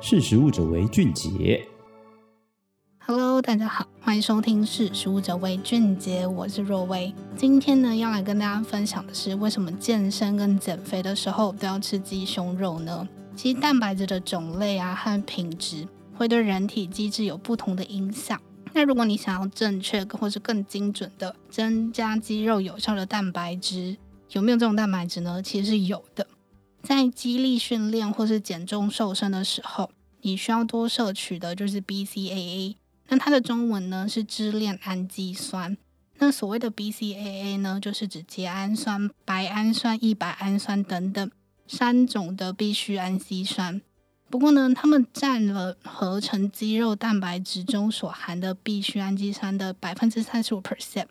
識食物者為俊傑。Hello，大家好，歡迎收聽識食物者為俊傑，我是若威。今天呢，要來跟大家分享的是，為什麼健身跟減肥的時候都要吃雞胸肉呢？其實蛋白質的種類啊和品質會對人體機制有不同的影響。那如果你想要正確或是更精準的增加肌肉，有效的蛋白質有沒有這種蛋白質呢？其實是有的，在肌力訓練或是減重瘦身的時候。你需要多攝取的就是 BCAA，那它的中文呢是支鏈氨基酸。那所謂的 BCAA 呢，就是指纈氨酸、白氨酸、異白氨酸等等三種的必需氨基酸。不過呢，它們佔了合成肌肉蛋白質中所含的必需氨基酸的百分之三十五 percent。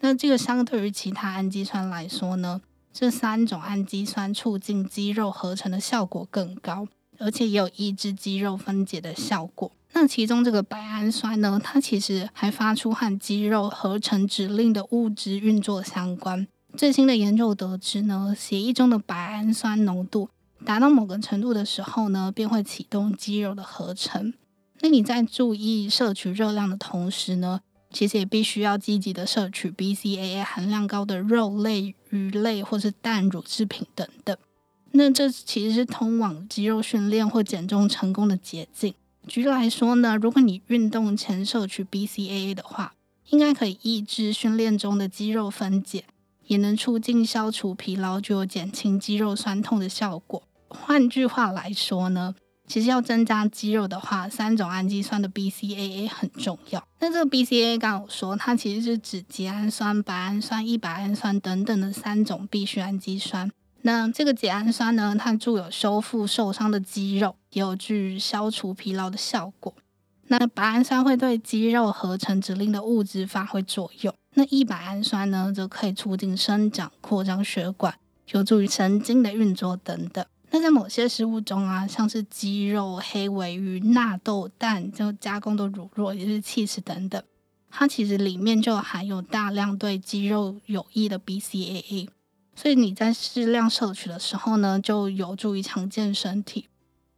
那這個相對於其他氨基酸來說呢，這三種氨基酸促進肌肉合成的效果更高。而且也有抑制肌肉分解的效果。那其中這個白氨酸呢，它其實還發出和肌肉合成指令的物質運作相關。最新的研究得知呢，血液中的白氨酸濃度達到某個程度的時候呢，便會啟動肌肉的合成。那你在注意攝取熱量的同時呢，其實也必須要積極的攝取 BCAA 含量高的肉類、魚類或是蛋乳製品等等。那這其實是通往肌肉訓練或減重成功的捷徑。舉例來說呢，如果你運動前攝取 BCAA 的話，應該可以抑制訓練中的肌肉分解，也能促進消除疲勞，就有減輕肌肉痠痛的效果。換句話來說呢，其實要增加肌肉的話，三種氨基酸的 BCAA 很重要。那這個 BCAA 剛好說，它其實是指缬氨酸、白氨酸、異白氨酸等等的三種必需氨基酸。那這個纈氨酸呢，它具有修復受傷的肌肉，也有具消除疲勞的效果。那白氨酸會對肌肉合成指令的物質發揮作用。那異白氨酸呢，則可以促進生長、擴張血管，有助於神經的運作等等。那在某些食物中啊，像是雞肉、黑鮭魚、納豆蛋，就加工的乳酪，也是 cheese 等等，它其實裡面就含有大量對肌肉有益的 BCAA。所以你在適量攝取的時候呢，就有助於強健身體。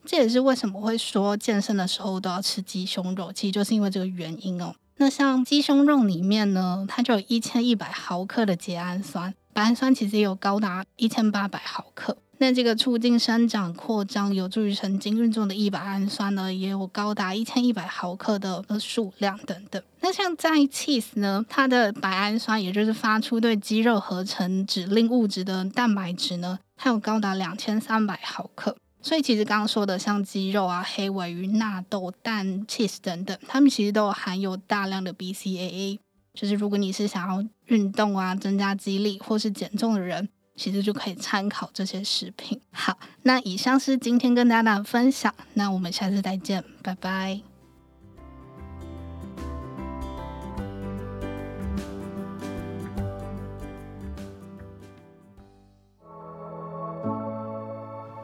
這也是為什麼會說健身的時候都要吃雞胸肉，其實就是因為這個原因哦。那像雞胸肉裡面呢，它就有一千一百毫克的纈氨酸，白氨酸其實也有高達一千八百毫克。那這個促進生長擴張，有助於神經運作的異白氨酸呢，也有高達一千一百毫克的數量等等。那像在 cheese 呢，它的白氨酸，也就是發出對肌肉合成指令物質的蛋白質呢，它有高達兩千三百毫克。所以其實剛剛說的，像雞肉啊、黑尾魚、納豆、蛋 cheese 等等，它們其實都有含有大量的 BCAA。就是如果你是想要運動啊、增加肌力或是減重的人，其實就可以參考這些食品。好，那以上是今天跟大家的分享，那我們下次再見，拜拜。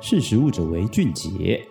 識食物者為俊傑。